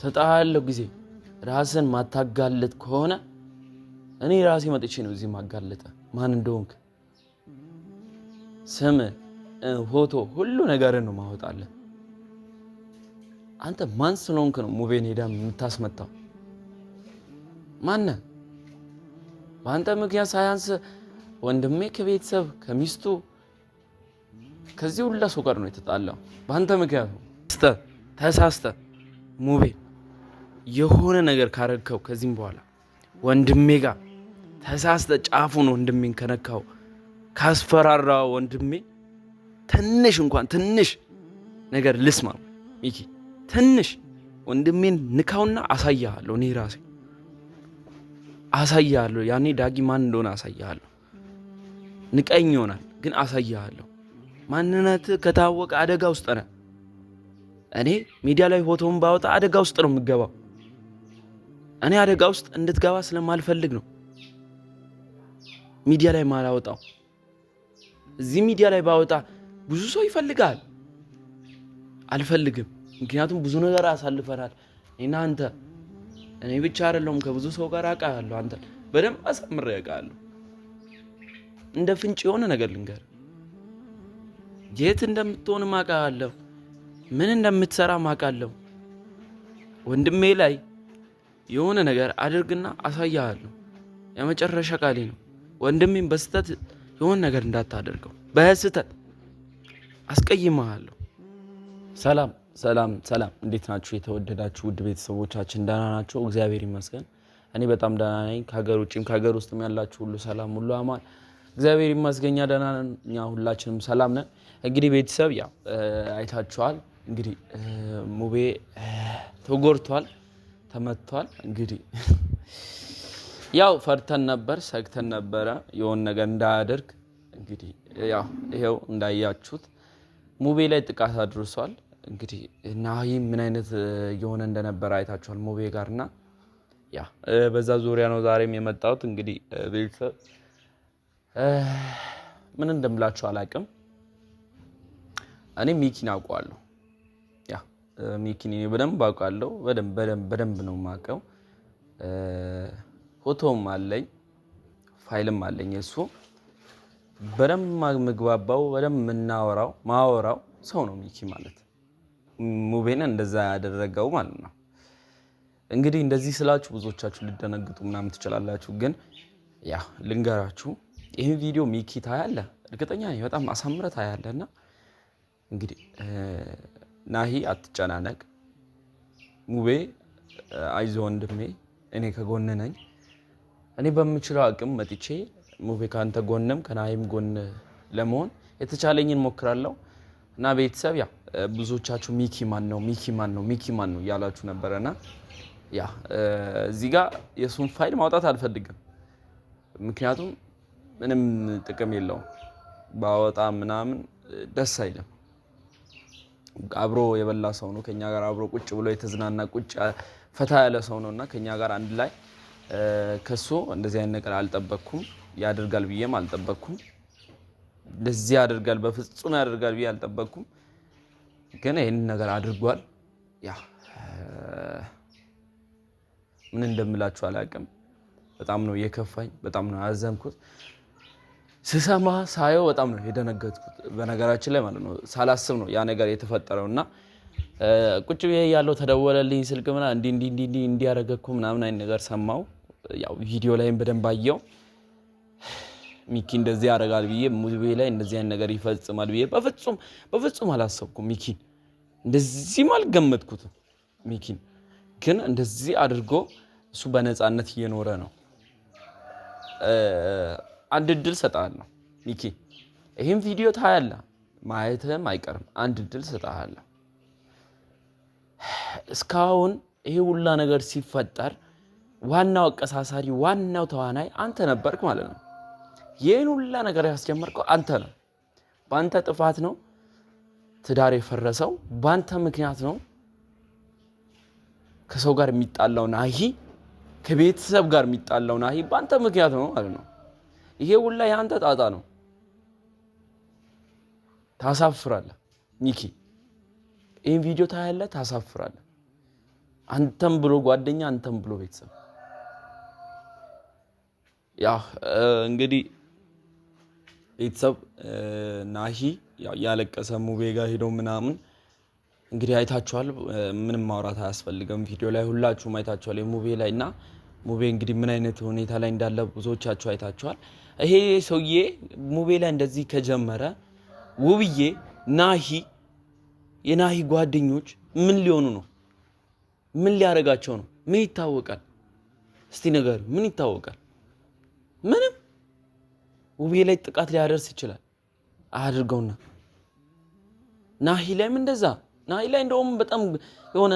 ሰጣለሁ ጊዜ ራስን ማታጋለጥ ከሆነ እኔ ራሴ መጥቼ ነው እዚህ ማጋለጠ ማን እንደሆንክ ስም፣ ፎቶ፣ ሁሉ ነገርን ነው ማወጣለን። አንተ ማን ስለሆንክ ነው ሙቤን ሄዳ የምታስመታው? ማነ በአንተ ምክንያት ሳያንስ ወንድሜ ከቤተሰብ ከሚስቱ ከዚህ ሁላ ሰው ጋር ነው የተጣላው። በአንተ ምክንያት ተሳስተ ሙቤ የሆነ ነገር ካረግከው ከዚህም በኋላ ወንድሜ ጋር ተሳስተ ጫፉን ወንድሜን ከነካው ካስፈራራ ወንድሜ ትንሽ እንኳን ትንሽ ነገር ልስማ ሚኪ፣ ትንሽ ወንድሜን ንካውና አሳያለሁ። እኔ ራሴ አሳያለሁ። ያኔ ዳጊ ማን እንደሆነ አሳያለሁ። ንቀኝ ይሆናል ግን አሳያለሁ። ማንነት ከታወቀ አደጋ ውስጥ ነህ። እኔ ሚዲያ ላይ ፎቶን ባወጣ አደጋ ውስጥ ነው የምገባው። እኔ አደጋ ውስጥ እንድትገባ ስለማልፈልግ ነው ሚዲያ ላይ ማላወጣው። እዚህ ሚዲያ ላይ ባወጣ ብዙ ሰው ይፈልጋል። አልፈልግም፣ ምክንያቱም ብዙ ነገር አሳልፈናል እና አንተ እኔ ብቻ አይደለሁም ከብዙ ሰው ጋር አውቃለሁ። አንተ በደንብ አሳምሬ አውቃለሁ። እንደ ፍንጭ የሆነ ነገር ልንገር፣ የት እንደምትሆን አውቃለሁ፣ ምን እንደምትሰራ አውቃለሁ ወንድሜ ላይ የሆነ ነገር አድርግና አሳያሃለሁ። የመጨረሻ ቃሌ ነው። ወንድሜም በስተት የሆነ ነገር እንዳታደርገው በስተት አስቀይመሃለሁ። ሰላም ሰላም ሰላም፣ እንዴት ናችሁ የተወደዳችሁ ውድ ቤተሰቦቻችን? ደህና ናቸው፣ እግዚአብሔር ይመስገን። እኔ በጣም ደህና ነኝ። ከሀገር ውጭም ከሀገር ውስጥም ያላችሁ ሁሉ ሰላም፣ ሁሉ አማን፣ እግዚአብሔር ይመስገኛ። ደህና ነን፣ እኛ ሁላችንም ሰላም ነን። እንግዲህ ቤተሰብ ያው አይታችኋል። እንግዲህ ሙቤ ተጎድቷል። ተመቷል። እንግዲህ ያው ፈርተን ነበር፣ ሰግተን ነበረ የሆን ነገር እንዳያደርግ። እንግዲህ ያው ይሄው እንዳያችሁት ሙቤ ላይ ጥቃት አድርሷል። እንግዲህ ናሂ ምን አይነት የሆነ እንደነበረ አይታችኋል ሙቤ ጋር እና ያ በዛ ዙሪያ ነው ዛሬም የመጣሁት። እንግዲህ ቤተሰብ ምን እንደምላችሁ አላቅም። እኔ ሚኪን አውቀዋለሁ ሚኪን እኔ በደንብ አውቃለሁ። በደንብ ነው የማውቀው። ፎቶም አለኝ ፋይልም አለኝ። እሱ በደንብ ምግባባው በደንብ የምናወራው ማወራው ሰው ነው ሚኪ ማለት ሙቤን እንደዛ ያደረገው ማለት ነው። እንግዲህ እንደዚህ ስላችሁ ብዙዎቻችሁ ልደነግጡ ምናምን ትችላላችሁ። ግን ያ ልንገራችሁ፣ ይህን ቪዲዮ ሚኪ ታያለ እርግጠኛ በጣም አሳምረ ታያለ። እና እንግዲህ ናሂ አትጨናነቅ፣ ሙቤ አይዞ ወንድሜ፣ እኔ ከጎን ነኝ። እኔ በምችለው አቅም መጥቼ ሙቤ ከአንተ ጎንም ከናሂም ጎን ለመሆን የተቻለኝን ሞክራለሁ እና ቤተሰብ ያ ብዙዎቻችሁ ሚኪ ማን ነው ሚኪ ማን ነው ሚኪ ማን ነው እያላችሁ ነበረና ያ እዚህ ጋር የእሱን ፋይል ማውጣት አልፈልግም፣ ምክንያቱም ምንም ጥቅም የለውም ባወጣ ምናምን ደስ አይልም። አብሮ የበላ ሰው ነው። ከኛ ጋር አብሮ ቁጭ ብሎ የተዝናና ቁጭ ፈታ ያለ ሰው ነው እና ከኛ ጋር አንድ ላይ ከሱ እንደዚህ አይነት ነገር አልጠበቅኩም። ያደርጋል ብዬም አልጠበቅኩም። እንደዚህ ያደርጋል በፍጹም ያደርጋል ብዬ አልጠበቅኩም። ግን ይህን ነገር አድርጓል። ያ ምን እንደምላችሁ አላውቅም። በጣም ነው የከፋኝ። በጣም ነው ያዘንኩት። ስሰማ ሳየው በጣም ነው የደነገጥኩት። በነገራችን ላይ ማለት ነው ሳላስብ ነው ያ ነገር የተፈጠረው እና ቁጭ ብዬ ያለው ተደወለልኝ ስልክ ምና እንዲ እንዲ እንዲ እንዲያደረገኩ ምናምን አይነት ነገር ሰማው። ያው ቪዲዮ ላይም በደንብ አየው። ሚኪ እንደዚህ ያደርጋል ብዬ ሙቤ ላይ እንደዚህ አይነት ነገር ይፈጽማል ብዬ በፍጹም በፍጹም አላሰብኩም። ሚኪን እንደዚህም አልገመትኩትም። ሚኪን ግን እንደዚህ አድርጎ እሱ በነፃነት እየኖረ ነው አንድ እድል ሰጣለሁ ሚኪ፣ ይህም ቪዲዮ ታያለ፣ ማየትህም አይቀርም። አንድ እድል እሰጥሃለሁ። እስካሁን ይሄ ሁላ ነገር ሲፈጠር ዋናው አቀሳሳሪ፣ ዋናው ተዋናይ አንተ ነበርክ ማለት ነው። ይህን ሁላ ነገር ያስጀመርከው አንተ ነው። በአንተ ጥፋት ነው ትዳር የፈረሰው፣ በአንተ ምክንያት ነው ከሰው ጋር የሚጣላው ናሂ፣ ከቤተሰብ ጋር የሚጣላው ናሂ በአንተ ምክንያት ነው ማለት ነው። ይሄ ሁላ የአንተ ጣጣ ነው። ታሳፍራለህ ኒኪ፣ ይህን ቪዲዮ ታያለህ፣ ታሳፍራለህ። አንተም ብሎ ጓደኛ፣ አንተም ብሎ ቤተሰብ። ያ እንግዲህ ቤተሰብ ናሂ ያለቀሰ ሙቤ ጋር ሄዶ ምናምን እንግዲህ አይታችኋል። ምንም ማውራት አያስፈልገም። ቪዲዮ ላይ ሁላችሁም አይታችኋል። የሙቤ ላይ እና ሙቤ እንግዲህ ምን አይነት ሁኔታ ላይ እንዳለ ብዙዎቻችሁ አይታችኋል። ይሄ ሰውዬ ሙቤ ላይ እንደዚህ ከጀመረ ውብዬ፣ ናሂ፣ የናሂ ጓደኞች ምን ሊሆኑ ነው? ምን ሊያደርጋቸው ነው? ምን ይታወቃል? እስቲ ነገር ምን ይታወቃል? ምንም። ውቤ ላይ ጥቃት ሊያደርስ ይችላል። አያድርገውና ናሂ ላይም እንደዛ። ናሂ ላይ እንደውም በጣም የሆነ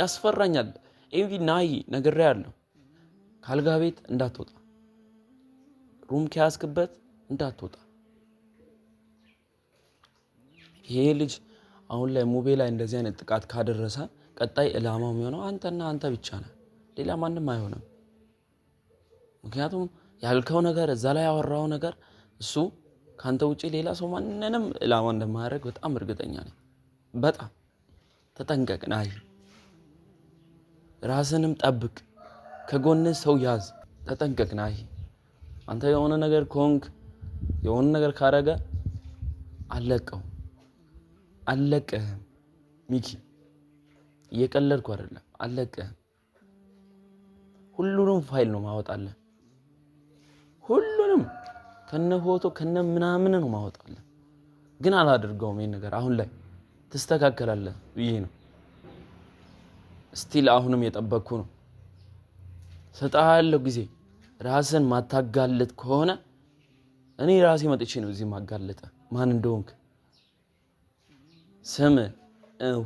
ያስፈራኛል። ኤንቪ ናሂ ነግሬ ያለው ካልጋ ቤት እንዳትወጣ ሩም ከያዝክበት እንዳትወጣ። ይሄ ልጅ አሁን ላይ ሙቤ ላይ እንደዚህ አይነት ጥቃት ካደረሰ ቀጣይ ዕላማው የሚሆነው አንተና አንተ ብቻ ነህ፣ ሌላ ማንም አይሆንም። ምክንያቱም ያልከው ነገር እዛ ላይ ያወራው ነገር እሱ ከአንተ ውጪ ሌላ ሰው ማንንም ዕላማ እንደማያደርግ በጣም እርግጠኛ ነኝ። በጣም ተጠንቀቅ፣ ናይ ራስንም ጠብቅ፣ ከጎን ሰው ያዝ፣ ተጠንቀቅ ናይ አንተ የሆነ ነገር ከሆንክ የሆነ ነገር ካረገ አለቀው አለቀህም። ሚኪ እየቀለድኩ አይደለም፣ አለቀህም። ሁሉንም ፋይል ነው ማወጣለ። ሁሉንም ከነ ፎቶ ከነ ምናምን ነው ማወጣለ። ግን አላደርገውም። ይሄን ነገር አሁን ላይ ትስተካከላለህ ብዬ ነው ስቲል አሁንም የጠበቅኩ ነው። ሰጣለሁ ጊዜ ራስን ማታጋልጥ ከሆነ እኔ ራሴ መጥቼ ነው እዚህ ማጋለጠ ማን እንደሆንክ ስም፣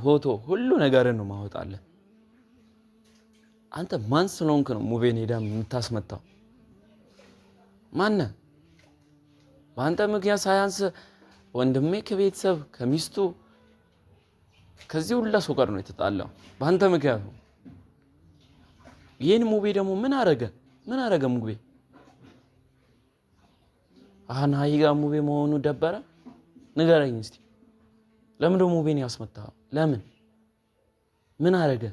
ፎቶ፣ ሁሉ ነገርን ነው ማወጣለን። አንተ ማን ስለሆንክ ነው ሙቤን ሄዳ የምታስመታው? ማነ በአንተ ምክንያት ሳያንስ ወንድሜ ከቤተሰብ ከሚስቱ ከዚህ ሁላ ሰው ጋር ነው የተጣላው፣ በአንተ ምክንያት ነው። ይህን ሙቤ ደግሞ ምን አረገን? ምን አደረገ ሙግቤ? አናሂ ጋር ሙቤ መሆኑ ደበረ? ንገረኝ እስቲ። ለምን ደግሞ ሙቤን ያስመታ? ለምን ምን አደረገ?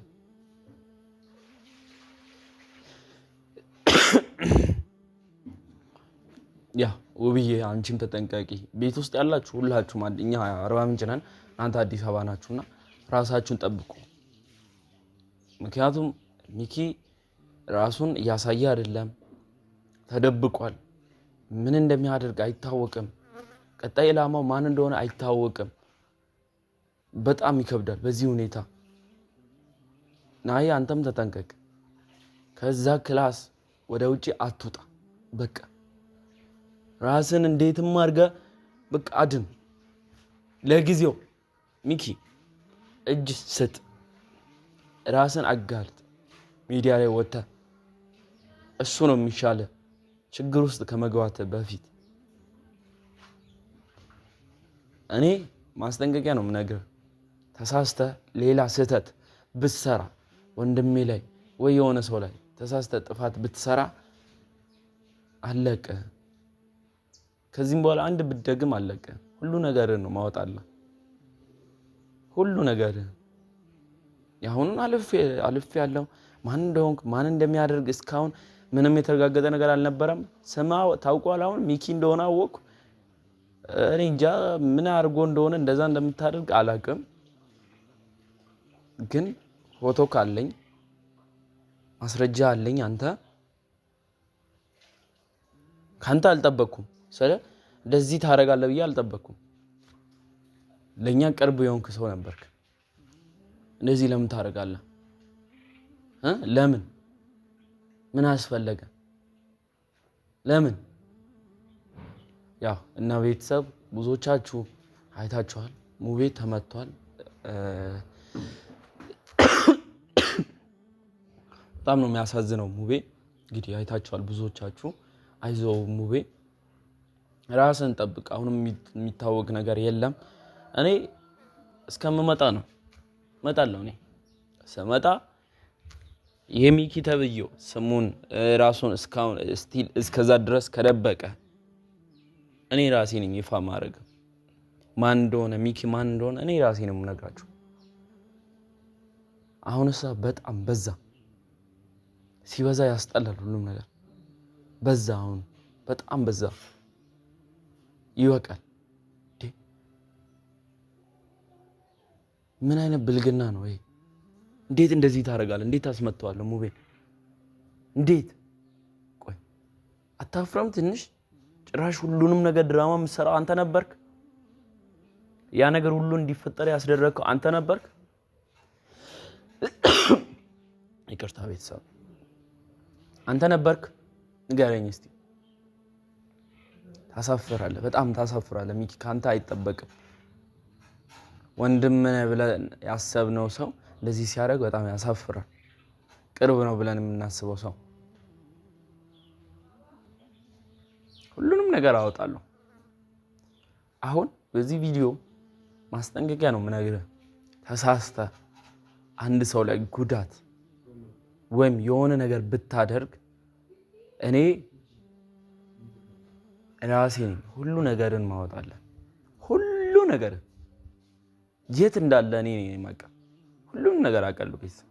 ያ ውብዬ አንቺም ተጠንቀቂ። ቤት ውስጥ ያላችሁ ሁላችሁም እኛ አርባ ምንጭ ነን፣ እናንተ አዲስ አበባ ናችሁና ራሳችሁን ጠብቁ። ምክንያቱም ሚኪ ራሱን እያሳየ አይደለም፣ ተደብቋል። ምን እንደሚያደርግ አይታወቅም። ቀጣይ ኢላማው ማን እንደሆነ አይታወቅም። በጣም ይከብዳል። በዚህ ሁኔታ ናይ አንተም ተጠንቀቅ። ከዛ ክላስ ወደ ውጭ አትውጣ። በቃ ራስን እንዴትም አድርገ በቃ አድን። ለጊዜው ሚኪ እጅ ስጥ፣ ራስን አጋልጥ። ሚዲያ ላይ ወጥተህ እሱ ነው የሚሻለ ችግር ውስጥ ከመግባት በፊት እኔ ማስጠንቀቂያ ነው የምነግርህ። ተሳስተ ሌላ ስህተት ብትሰራ ወንድሜ ላይ ወይ የሆነ ሰው ላይ ተሳስተ ጥፋት ብትሰራ አለቀ። ከዚህም በኋላ አንድ ብደግም አለቀ። ሁሉ ነገር ነው ማወጣለ። ሁሉ ነገር የአሁኑን አልፌ ያለው ማን እንደሆንክ ማን እንደሚያደርግ እስካሁን ምንም የተረጋገጠ ነገር አልነበረም። ስማ ታውቋል። አሁን ሚኪ እንደሆነ አወቅኩ። እኔ እንጃ ምን አድርጎ እንደሆነ እንደዛ እንደምታደርግ አላቅም። ግን ፎቶ ካለኝ ማስረጃ አለኝ። አንተ ከአንተ አልጠበቅኩም ስለ እንደዚህ ታደርጋለህ ብዬ አልጠበቅኩም። ለእኛ ቅርብ የሆንክ ሰው ነበርክ። እንደዚህ ለምን ታደርጋለህ? ለምን ምን አስፈለገ? ለምን? ያው እና ቤተሰብ ብዙዎቻችሁ አይታችኋል። ሙቤ ተመቷል። በጣም ነው የሚያሳዝነው። ሙቤ እንግዲህ አይታችኋል ብዙዎቻችሁ። አይዞው ሙቤ ራስን ጠብቅ። አሁንም የሚታወቅ ነገር የለም። እኔ እስከምመጣ ነው እመጣለሁ። እኔ ስመጣ የሚኪ ተብዬው ስሙን ራሱን እስካሁን ስቲል እስከዛ ድረስ ከደበቀ እኔ ራሴ ነኝ ይፋ ማድረግ ማን እንደሆነ ሚኪ ማን እንደሆነ እኔ ራሴ ነው የምነግራችሁ። አሁን ሳ በጣም በዛ ሲበዛ ያስጠላል ሁሉም ነገር በዛ። አሁን በጣም በዛ ይወቃል። ምን አይነት ብልግና ነው ይሄ? እንዴት እንደዚህ ታደርጋለህ? እንዴት ታስመጥተዋለህ? ሙቤ እንዴት ቆይ፣ አታፍረም ትንሽ? ጭራሽ ሁሉንም ነገር ድራማ የምትሰራው አንተ ነበርክ። ያ ነገር ሁሉ እንዲፈጠር ያስደረግከው አንተ ነበርክ። ይቅርታ ቤተሰብ፣ አንተ ነበርክ። ንገረኝ እስቲ። ታሳፍራለህ፣ በጣም ታሳፍራለህ ሚኪ። ከአንተ አይጠበቅም። ወንድም ብለን ያሰብነው ሰው እንደዚህ ሲያደርግ በጣም ያሳፍራል። ቅርብ ነው ብለን የምናስበው ሰው ሁሉንም ነገር አወጣለሁ። አሁን በዚህ ቪዲዮ ማስጠንቀቂያ ነው የምነግርህ። ተሳስተ አንድ ሰው ላይ ጉዳት ወይም የሆነ ነገር ብታደርግ እኔ ራሴ ነኝ ሁሉ ነገርን ማወጣለን ሁሉ ነገር የት እንዳለ እኔ ነኝ። ሁሉም ነገር አውቃለሁ። ቤተሰብ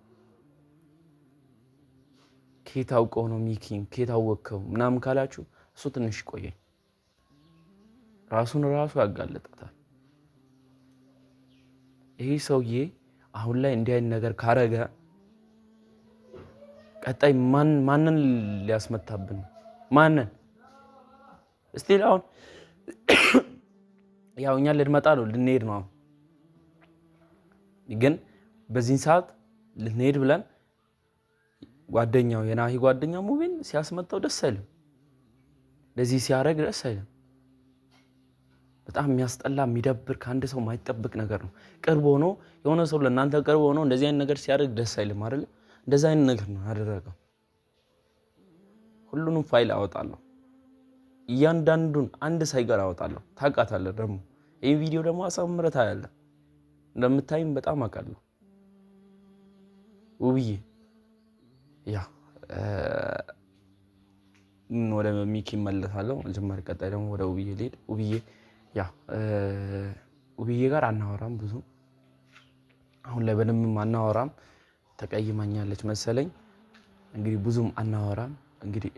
ከየት አውቀው ነው ሚኪን ከየት አወቅከው ምናምን ካላችሁ እሱ ትንሽ ቆየኝ። ራሱን ራሱ ያጋለጣታል። ይህ ሰውዬ አሁን ላይ እንዲህ አይነት ነገር ካረገ ቀጣይ ማንን ሊያስመታብን ማንን እስቲል አሁን ያው እኛ ልንመጣ ነው ልንሄድ ነው ግን በዚህን ሰዓት ልንሄድ ብለን ጓደኛው የናሂ ጓደኛ ሙቢን ሲያስመጣው ደስ አይልም። ለዚህ ሲያደርግ ደስ አይልም። በጣም የሚያስጠላ የሚደብር ከአንድ ሰው ማይጠብቅ ነገር ነው። ቅርብ ሆኖ የሆነ ሰው ለእናንተ ቅርብ ሆኖ እንደዚህ አይነት ነገር ሲያደርግ ደስ አይልም አይደለ? እንደዚህ አይነት ነገር ነው ያደረገው። ሁሉንም ፋይል አወጣለሁ፣ እያንዳንዱን አንድ ሳይቀር አወጣለሁ። ታውቃታለህ ደግሞ ይህ ቪዲዮ ደግሞ አሳምረታ ያለ እንደምታይም በጣም አውቃለሁ። ውብዬ ያ ወደ ሚኪ እመለሳለሁ። መጀመሪያ ቀጣይ ደግሞ ወደ ውብዬ ልሄድ። ውብዬ ያ ውብዬ ጋር አናወራም ብዙ አሁን ላይ በደንብም አናወራም። ተቀይማኛለች መሰለኝ እንግዲህ ብዙም አናወራም። እንግዲህ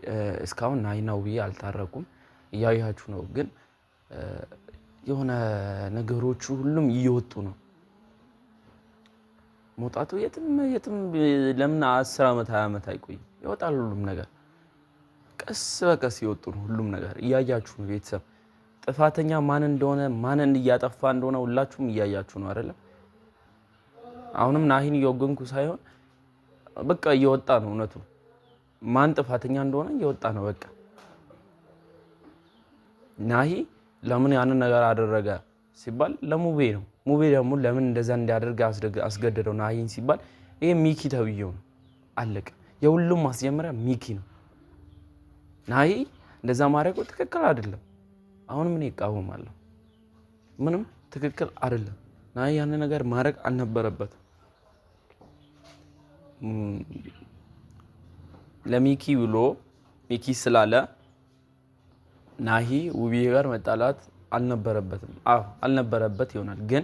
እስካሁን ናይና ውብዬ አልታረቁም፣ እያያችሁ ነው። ግን የሆነ ነገሮቹ ሁሉም እየወጡ ነው መውጣቱ የትም የትም ለምን አስር ዓመት ሀያ ዓመት አይቆይ ይወጣል ሁሉም ነገር ቀስ በቀስ ይወጡ ነው ሁሉም ነገር እያያችሁ ነው ቤተሰብ ጥፋተኛ ማን እንደሆነ ማንን እያጠፋ እንደሆነ ሁላችሁም እያያችሁ ነው አይደለም አሁንም ናሂን እየወገንኩ ሳይሆን በቃ እየወጣ ነው እውነቱ ማን ጥፋተኛ እንደሆነ እየወጣ ነው በቃ ናሂ ለምን ያንን ነገር አደረገ ሲባል ለሙቤ ነው ሙቤ ደግሞ ለምን እንደዛ እንዲያደርግ አስገደደው ናሂን ሲባል ይሄ ሚኪ ተብዬው ነው። አለቀ። የሁሉም ማስጀመሪያ ሚኪ ነው። ናሂ እንደዛ ማድረጉ ትክክል አይደለም። አሁን ምን ይቃወማለሁ? ምንም ትክክል አይደለም። ናሂ ያን ነገር ማድረግ አልነበረበትም። ለሚኪ ብሎ ሚኪ ስላለ ናሂ ውብዬ ጋር መጣላት አልነበረበትም። አዎ አልነበረበት ይሆናል፣ ግን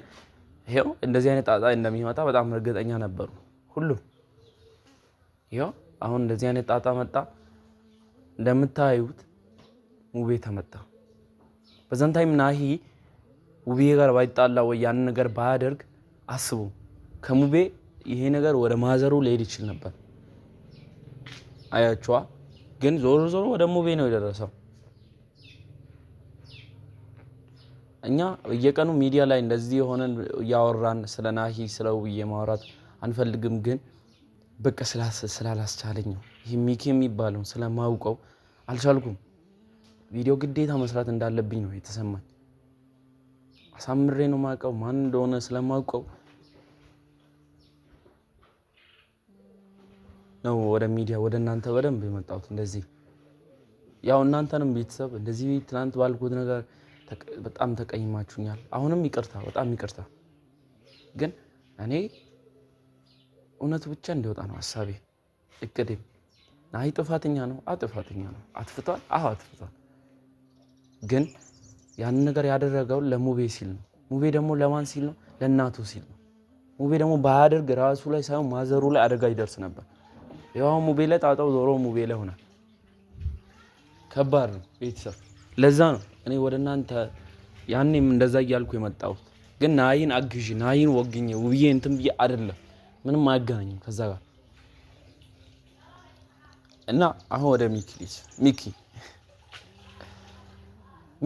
ይሄው እንደዚህ አይነት ጣጣ እንደሚመጣ በጣም እርግጠኛ ነበሩ ሁሉም። ይሄው አሁን እንደዚህ አይነት ጣጣ መጣ። እንደምታዩት ውቤ ተመጣ። በዛን ታይም ናሂ ውቤ ጋር ባይጣላ ወይ ያን ነገር ባያደርግ አስቡ፣ ከሙቤ ይሄ ነገር ወደ ማዘሩ ሊሄድ ይችል ነበር። አያችዋ ግን ዞሮ ዞሮ ወደ ሙቤ ነው የደረሰው። እኛ በየቀኑ ሚዲያ ላይ እንደዚህ የሆነን እያወራን ስለ ናሂ ስለ ውብዬ ማውራት አንፈልግም። ግን በቃ ስላላስቻለኝ ነው ይህ ሚኪ የሚባለውን ስለማውቀው አልቻልኩም። ቪዲዮ ግዴታ መስራት እንዳለብኝ ነው የተሰማኝ። አሳምሬ ነው ማውቀው ማን እንደሆነ ስለማውቀው ነው ወደ ሚዲያ ወደ እናንተ በደንብ የመጣሁት። እንደዚህ ያው እናንተንም ቤተሰብ እንደዚህ ትናንት ባልኩት ነገር በጣም ተቀይማችሁኛል። አሁንም ይቅርታ፣ በጣም ይቅርታ። ግን እኔ እውነቱ ብቻ እንዲወጣ ነው ሀሳቤ፣ እቅድም። አይ ጥፋተኛ ነው፣ አጥፋተኛ ነው፣ አትፍቷል፣ አዎ አትፍቷል። ግን ያንን ነገር ያደረገው ለሙቤ ሲል ነው። ሙቤ ደግሞ ለማን ሲል ነው? ለእናቱ ሲል ነው። ሙቤ ደግሞ ባያደርግ ራሱ ላይ ሳይሆን ማዘሩ ላይ አደጋ ይደርስ ነበር። ይኸው ሙቤ ላይ ጣጣው ዞሮ ሙቤ ላይ ሆናል። ከባድ ነው ቤተሰብ። ለዛ ነው እኔ ወደ እናንተ ያኔም እንደዛ እያልኩ የመጣሁት ግን ናይን አግዥ ናይን ወግኝ ውብዬ እንትን ብዬ አይደለም። ምንም አያገናኝም ከዛ ጋር እና አሁን ወደ ሚኪ ልጅ ሚኪ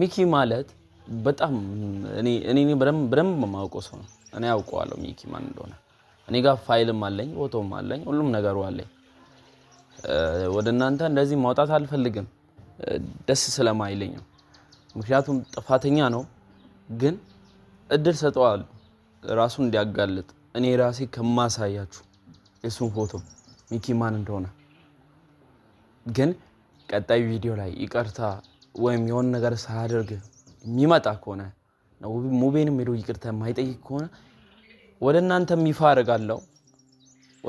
ሚኪ ማለት በጣም እኔ በደንብ የማውቀው ሰው ነው። እኔ ያውቀዋለሁ ሚኪ ማን እንደሆነ። እኔ ጋር ፋይልም አለኝ፣ ፎቶም አለኝ፣ ሁሉም ነገሩ አለኝ። ወደ እናንተ እንደዚህ ማውጣት አልፈልግም፣ ደስ ስለማይለኝ ነው። ምክንያቱም ጥፋተኛ ነው፣ ግን እድል ሰጠዋል ራሱን እንዲያጋልጥ። እኔ ራሴ ከማሳያችሁ የሱን ፎቶ ሚኪ ማን እንደሆነ ግን ቀጣይ ቪዲዮ ላይ ይቅርታ ወይም የሆን ነገር ሳያደርግ የሚመጣ ከሆነ ሙቤንም ሄዶ ይቅርታ የማይጠይቅ ከሆነ ወደ እናንተም ይፋ አደርጋለሁ፣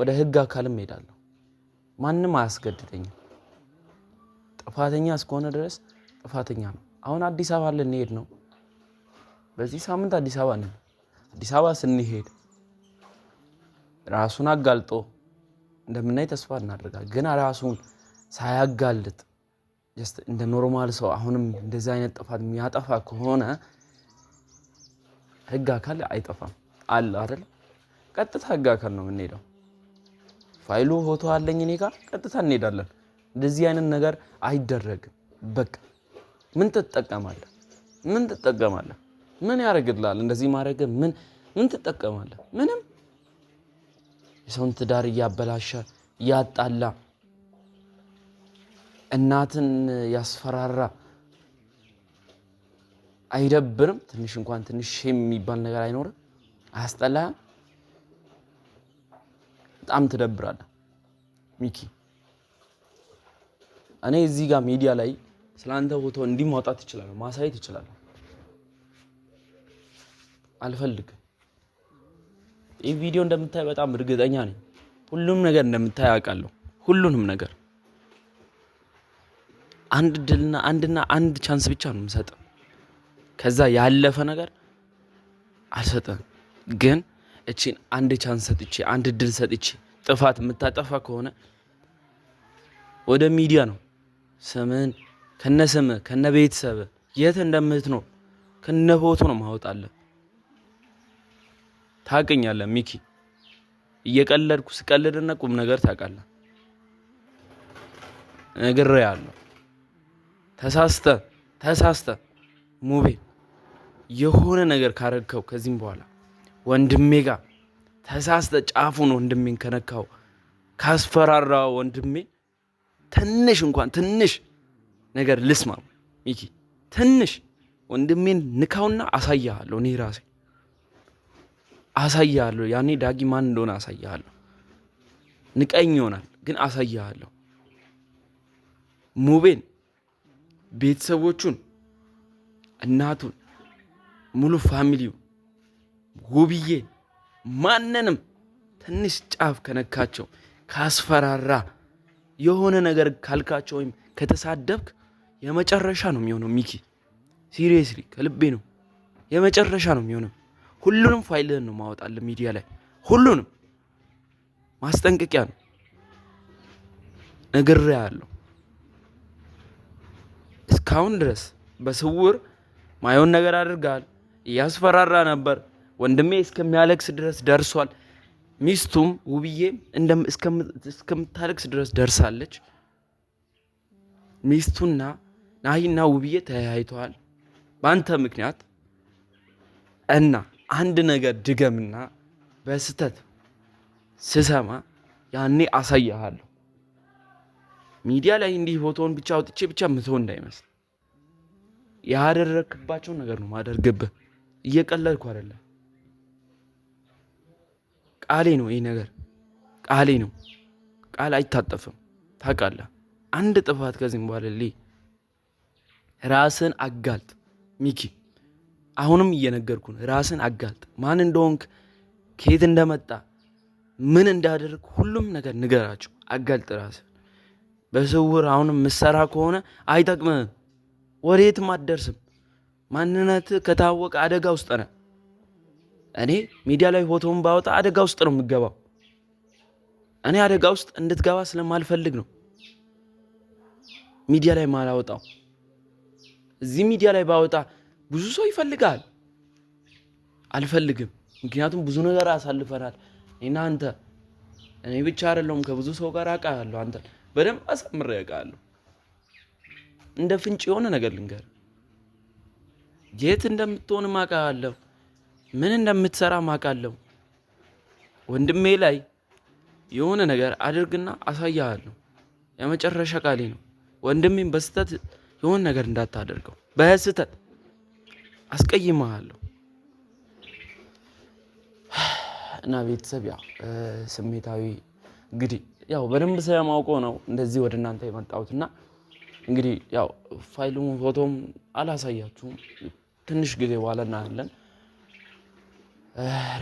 ወደ ህግ አካልም ሄዳለሁ። ማንም አያስገድደኝም። ጥፋተኛ እስከሆነ ድረስ ጥፋተኛ ነው። አሁን አዲስ አበባ ልንሄድ ነው። በዚህ ሳምንት አዲስ አበባ ነን። አዲስ አበባ ስንሄድ ራሱን አጋልጦ እንደምናይ ተስፋ እናደርጋል። ግን ራሱን ሳያጋልጥ ጀስት እንደ ኖርማል ሰው አሁንም እንደዚህ አይነት ጥፋት የሚያጠፋ ከሆነ ህግ አካል አይጠፋም አለ አይደል? ቀጥታ ህግ አካል ነው የምንሄደው። ፋይሉ ፎቶ አለኝ እኔ ጋር ቀጥታ እንሄዳለን። እንደዚህ አይነት ነገር አይደረግም። በቃ ምን ትጠቀማለህ? ምን ትጠቀማለህ? ምን ያደርግልሃል? እንደዚህ ማድረግ ምን ምን ትጠቀማለህ? ምንም። የሰውን ትዳር እያበላሸ እያጣላ እናትን ያስፈራራ አይደብርም? ትንሽ እንኳን ትንሽ ሼም የሚባል ነገር አይኖርም? አያስጠላህም? በጣም ትደብራለህ ሚኪ። እኔ እዚህ ጋር ሚዲያ ላይ ስለ አንተ ፎቶ እንዲህ ማውጣት ይችላል፣ ማሳየት ይችላል። አልፈልግም። ይህ ቪዲዮ እንደምታይ በጣም እርግጠኛ ነኝ። ሁሉም ነገር እንደምታይ አውቃለሁ። ሁሉንም ነገር አንድ ድልና አንድና አንድ ቻንስ ብቻ ነው የምሰጥ። ከዛ ያለፈ ነገር አልሰጠም። ግን እቺን አንድ ቻንስ ሰጥቼ አንድ ድል ሰጥቼ ጥፋት የምታጠፋ ከሆነ ወደ ሚዲያ ነው ስምን ከነስም ከነ ቤተሰብ የት እንደምትኖር ከነ ፎቶ ነው ማወጣለህ። ታቀኛለ ሚኪ፣ እየቀለድኩ ስቀልድና ቁም ነገር ታውቃለህ። ነግሬሃለሁ። ተሳስተ ተሳስተ ሙቤ የሆነ ነገር ካረግከው ከዚህም በኋላ ወንድሜ ጋር ተሳስተ ጫፉን ወንድሜን ከነካው ካስፈራራ ወንድሜ ትንሽ እንኳን ትንሽ ነገር ልስማ ሚኪ፣ ትንሽ ወንድሜን ንካውና አሳያለሁ። እኔ ራሴ አሳያለሁ። ያኔ ዳጊ ማን እንደሆነ አሳያለሁ። ንቀኝ ይሆናል ግን አሳያለሁ። ሙቤን፣ ቤተሰቦቹን፣ እናቱን፣ ሙሉ ፋሚሊው፣ ጉብዬ ማንንም ትንሽ ጫፍ ከነካቸው ካስፈራራ የሆነ ነገር ካልካቸው ወይም ከተሳደብክ የመጨረሻ ነው የሚሆነው። ሚኪ ሲሪየስሊ ከልቤ ነው፣ የመጨረሻ ነው የሚሆነው። ሁሉንም ፋይልህን ነው ማወጣለ ሚዲያ ላይ ሁሉንም። ማስጠንቀቂያ ነው እግር ያለው እስካሁን ድረስ በስውር ማየውን ነገር አድርጋል። እያስፈራራ ነበር። ወንድሜ እስከሚያለቅስ ድረስ ደርሷል። ሚስቱም ውብዬ እስከምታለቅስ ድረስ ደርሳለች። ሚስቱና ናሂና ውብዬ ተያይተዋል በአንተ ምክንያት እና አንድ ነገር ድገምና በስተት ስሰማ ያኔ አሳያሃለሁ። ሚዲያ ላይ እንዲህ ፎቶውን ብቻ አውጥቼ ብቻ ምትሆን እንዳይመስል ያደረክባቸውን ነገር ነው ማደርግብህ። እየቀለልኩ አይደለም። ቃሌ ነው ይህ ነገር ቃሌ ነው። ቃል አይታጠፍም ታውቃለህ። አንድ ጥፋት ከዚህም በኋላ ራስን አጋልጥ ሚኪ። አሁንም እየነገርኩ ነው። ራስን አጋልጥ። ማን እንደሆንክ፣ ከየት እንደመጣ፣ ምን እንዳደርግ ሁሉም ነገር ንገራቸው። አጋልጥ ራስን። በስውር አሁንም ምሰራ ከሆነ አይጠቅምም? ወዴትም አትደርስም። ማንነት ከታወቀ አደጋ ውስጥ ነ? እኔ ሚዲያ ላይ ፎቶውን ባወጣ አደጋ ውስጥ ነው የምገባው። እኔ አደጋ ውስጥ እንድትገባ ስለማልፈልግ ነው ሚዲያ ላይ ማላወጣው። እዚህ ሚዲያ ላይ ባወጣ ብዙ ሰው ይፈልጋል። አልፈልግም፣ ምክንያቱም ብዙ ነገር አሳልፈናል። እና አንተ እኔ ብቻ አይደለሁም ከብዙ ሰው ጋር አውቃለሁ። አንተ በደንብ አሳምር አውቃለሁ። እንደ ፍንጭ የሆነ ነገር ልንገር፣ የት እንደምትሆንም አውቃለሁ፣ ምን እንደምትሰራ አውቃለሁ። ወንድሜ ላይ የሆነ ነገር አድርግና አሳያለሁ። የመጨረሻ ቃሌ ነው። ወንድሜም በስተት የሆን ነገር እንዳታደርገው በስህተት አስቀይመሃለሁ እና ቤተሰብ ያ ስሜታዊ እንግዲህ ያው በደንብ ስለማውቀው ነው እንደዚህ ወደ እናንተ የመጣሁት እና እንግዲህ ያው ፋይሉም ፎቶም አላሳያችሁም። ትንሽ ጊዜ በኋላ እናያለን።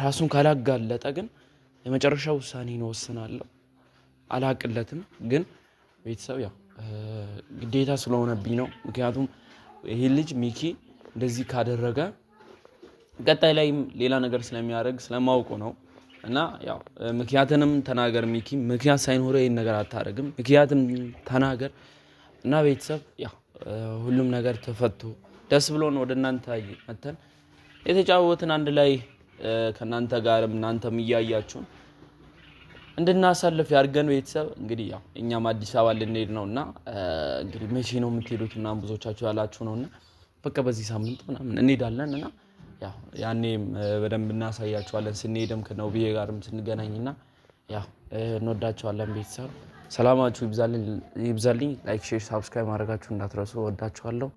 ራሱን ካላጋለጠ ግን የመጨረሻ ውሳኔ ወስናለሁ። አላቅለትም ግን ቤተሰብ ያው ግዴታ ስለሆነብኝ ነው። ምክንያቱም ይህ ልጅ ሚኪ እንደዚህ ካደረገ ቀጣይ ላይም ሌላ ነገር ስለሚያደርግ ስለማውቁ ነው። እና ያው ምክንያትንም ተናገር ሚኪ፣ ምክንያት ሳይኖረ ይህን ነገር አታደርግም። ምክንያትም ተናገር እና ቤተሰብ ያው ሁሉም ነገር ተፈቶ ደስ ብሎን ወደ እናንተ መተን የተጫወትን አንድ ላይ ከእናንተ ጋርም እናንተም እያያችሁን እንድናሳልፍ ያድርገን። ቤተሰብ እንግዲህ ያው እኛም አዲስ አበባ ልንሄድ ነው እና እንግዲህ መቼ ነው የምትሄዱት ምናምን ብዙዎቻችሁ ያላችሁ ነው እና በቃ በዚህ ሳምንት ምናምን እንሄዳለን እና ያው ያኔም በደንብ እናሳያችኋለን። ስንሄድም ከነውብዬ ጋርም ስንገናኝ እና ያው እንወዳቸዋለን። ቤተሰብ ሰላማችሁ ይብዛልኝ። ላይክ፣ ሼር፣ ሳብስክራይብ ማድረጋችሁ እንዳትረሱ። ወዳችኋለሁ።